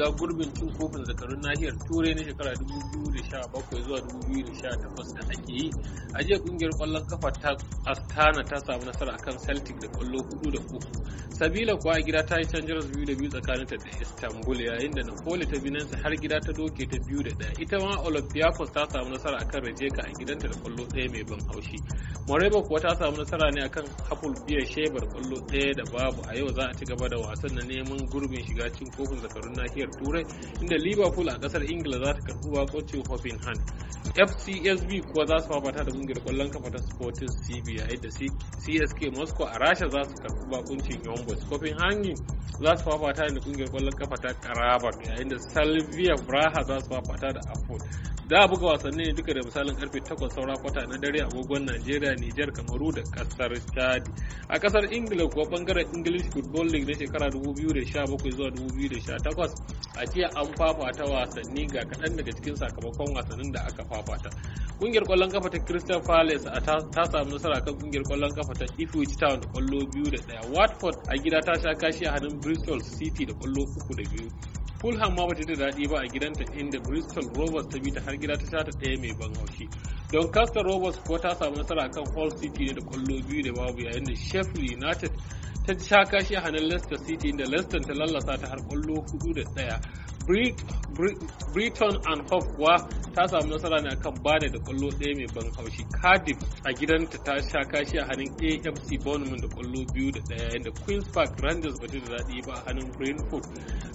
shiga gurbin cin kofin zakarun nahiyar turai na shekara 2017 zuwa 2018 da ake yi a jiya kungiyar kwallon kafa ta astana ta samu nasara akan celtic da kwallo hudu da uku sabila kuwa a gida ta yi canjar biyu da biyu tsakanin ta da istanbul yayin da napoli ta binansa har gida ta doke ta biyu da daya ita ma olympiakos ta samu nasara akan rejeka a gidanta da kwallo ɗaya mai ban haushi moreba kuwa ta samu nasara ne akan hapul biya shebar kwallo ɗaya da babu a yau za a ci gaba da wasan na neman gurbin shiga cin kofin zakarun nahiyar turai inda liverpool a kasar ingila za ta karbi bakocin hoffenheim fcsb kuwa za su fafata da kungiyar kwallon kafa ta sporting cb a csk moscow a rasha za su karbi bakuncin young boys copenhagen za su fafata da kungiyar kwallon kafa ta karabar yayin da salvia braha za su fafata da afon za a buga wasannin duka da misalin karfe 8 saura kwata na dare agogon Najeriya, Nijar, Kamaru da kasar Chad. A kasar Ingila kuwa bangaren English Football League na shekara 2017 zuwa 2018 a jiya an fafata wasanni ga kaɗan daga cikin sakamakon wasannin da aka fafata. Kungiyar kwallon kafa ta Crystal Palace ta samu nasara kan kungiyar kwallon kafa ta Ipswich Town da kwallo biyu da ɗaya. Watford a gida ta sha kashi a hannun Bristol City da kwallo uku da biyu. fulham ma bata da daɗi ba a gidanta inda bristol rovers ta bi ta har gida ta sha ta ɗaya mai ban haushi don castle rovers kuwa ta samu nasara kan hull city ne da kwallo biyu da babu yayin da sheffield united ta sha kashi a hannun leicester city inda leicester ta lallasa ta har kwallo hudu da ɗaya Brighton and Hove kuwa ta samu nasara ne akan bane da kwallo ɗaya mai ban haushi cardiff a gidanta ta sha kashi a hannun afc bournemouth da kwallo biyu da ɗaya yadda queens park rangers ba ta da daɗi ba a hannun brentford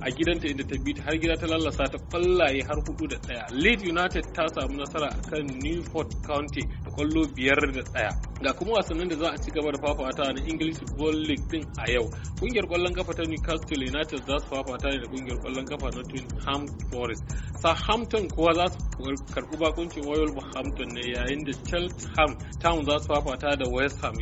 a gidanta inda ta biyu har gida ta lallasa ta kwallaye har hudu da ɗaya leeds united ta samu nasara akan newport county da kwallo biyar da ɗaya ga kuma wasannin da za a ci gaba da fafata na English Football League din a yau. Kungiyar kwallon kafa ta Newcastle United za su fafata ne da kungiyar kwallon kafa na Tottenham Forest. Southampton kuwa za su karɓi bakuncin Wolverhampton ne yayin da Cheltenham Town za su fafata da West Ham.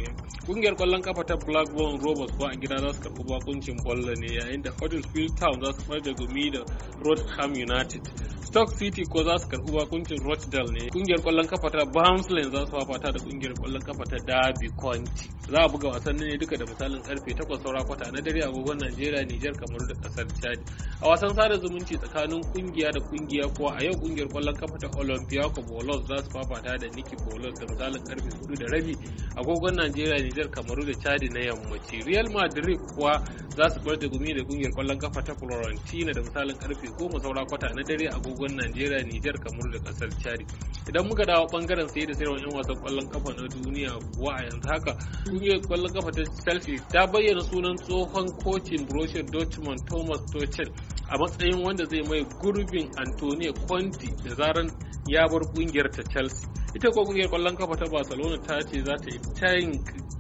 Kungiyar kwallon kafa ta Blackburn Rovers kuwa a gida za su karɓi bakuncin Bolton ne yayin da Huddersfield Town za su fara da gumi da Rotherham United. Stoke City ko za su karɓi bakuncin Rochdale ne. Kungiyar kwallon kafa ta Barnsley za su fafata da kungiyar kwallon kafa ta Derby County. Za a buga wasannin ne duka da misalin karfe 8 saura kwata na dare agogon Najeriya, Nijar, Kamaru da ƙasar Chad. A wasan sada zumunci tsakanin kungiya da kungiya kuwa a yau kungiyar kwallon kafa ta Olympiacos Bolos za su fafata da Nicky Bolos da misalin karfe 4 da rabi agogon Najeriya, Nijar, Kamaru da Chad na yammaci. Real Madrid kuwa za su bar da gumi da kungiyar kwallon kafa ta Florentina da misalin karfe 10 saura kwata na dare agogon agogon Najeriya, Nijar, Kamar da kasar Chari. Idan muka dawo bangaren sai da sayarwa 'yan wasan kwallon kafa na duniya kuwa a yanzu haka kungiyar kwallon kafa ta Chelsea ta bayyana sunan tsohon kocin Borussia Dortmund Thomas Tuchel a matsayin wanda zai mai gurbin Antonio Conte da zaran ya bar kungiyar ta Chelsea. Ita ko kungiyar kwallon kafa ta Barcelona ta ce za ta yi tayin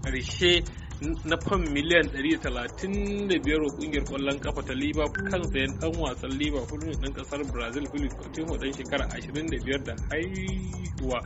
ƙarshe na fam miliyan 135 wa kungiyar kwallon kafa ta liverpool kan sayan dan wasan liverpool ɗan kasar brazil philip coutinho dan shekara 25 da haihuwa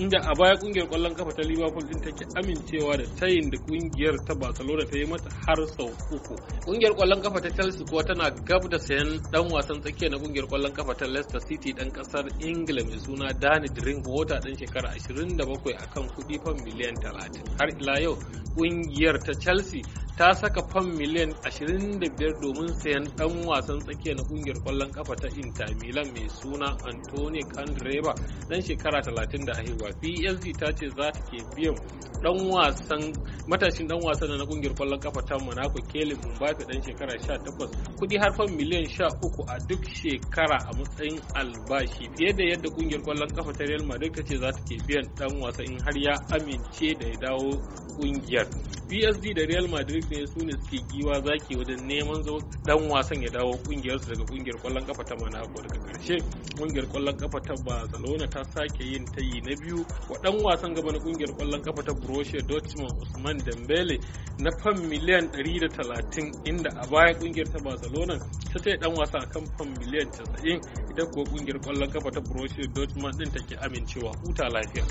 inda a baya kungiyar kwallon kafa ta liverpool din take amincewa da tayin da kungiyar ta barcelona ta yi mata har sau uku kungiyar kwallon kafa ta chelsea kuwa tana gab da sayan dan wasan tsakiya na kungiyar kwallon kafa ta leicester city dan kasar ingila mai suna danny drinkwater dan shekara 27 akan kudi fam miliyan 30 har ila yau kungiyar Chelsea ta saka fam miliyan 25 domin sayan dan wasan tsakiya na kungiyar kwallon kafa ta Inter Milan mai suna Antonio Candreva dan shekara 30 da haihuwa. PSG ta ce za ta ke biyan dan matashin dan wasan na kungiyar kwallon kafa ta Monaco Kelly Mbappe dan shekara 18 kudi har fam miliyan 13 a duk shekara a matsayin albashi fiye da yadda kungiyar kwallon kafa ta Real Madrid ta ce za ta ke biyan dan wasan in har ya amince da ya dawo kungiyar. PSG da Real Madrid ɗaya su ne suke giwa zaki wajen neman zo dan wasan ya dawo kungiyarsu daga kungiyar kwallon kafa ta Monaco daga karshe kungiyar kwallon kafa ta Barcelona ta sake yin tayi na biyu wa dan wasan gaba na kungiyar kwallon kafa ta Borussia Dortmund Usman Dembele na fam miliyan 130 inda a baya kungiyar ta Barcelona ta taya dan wasa kan fam miliyan 90 ita kuwa kungiyar kwallon kafa ta Borussia Dortmund din take amincewa huta lafiya.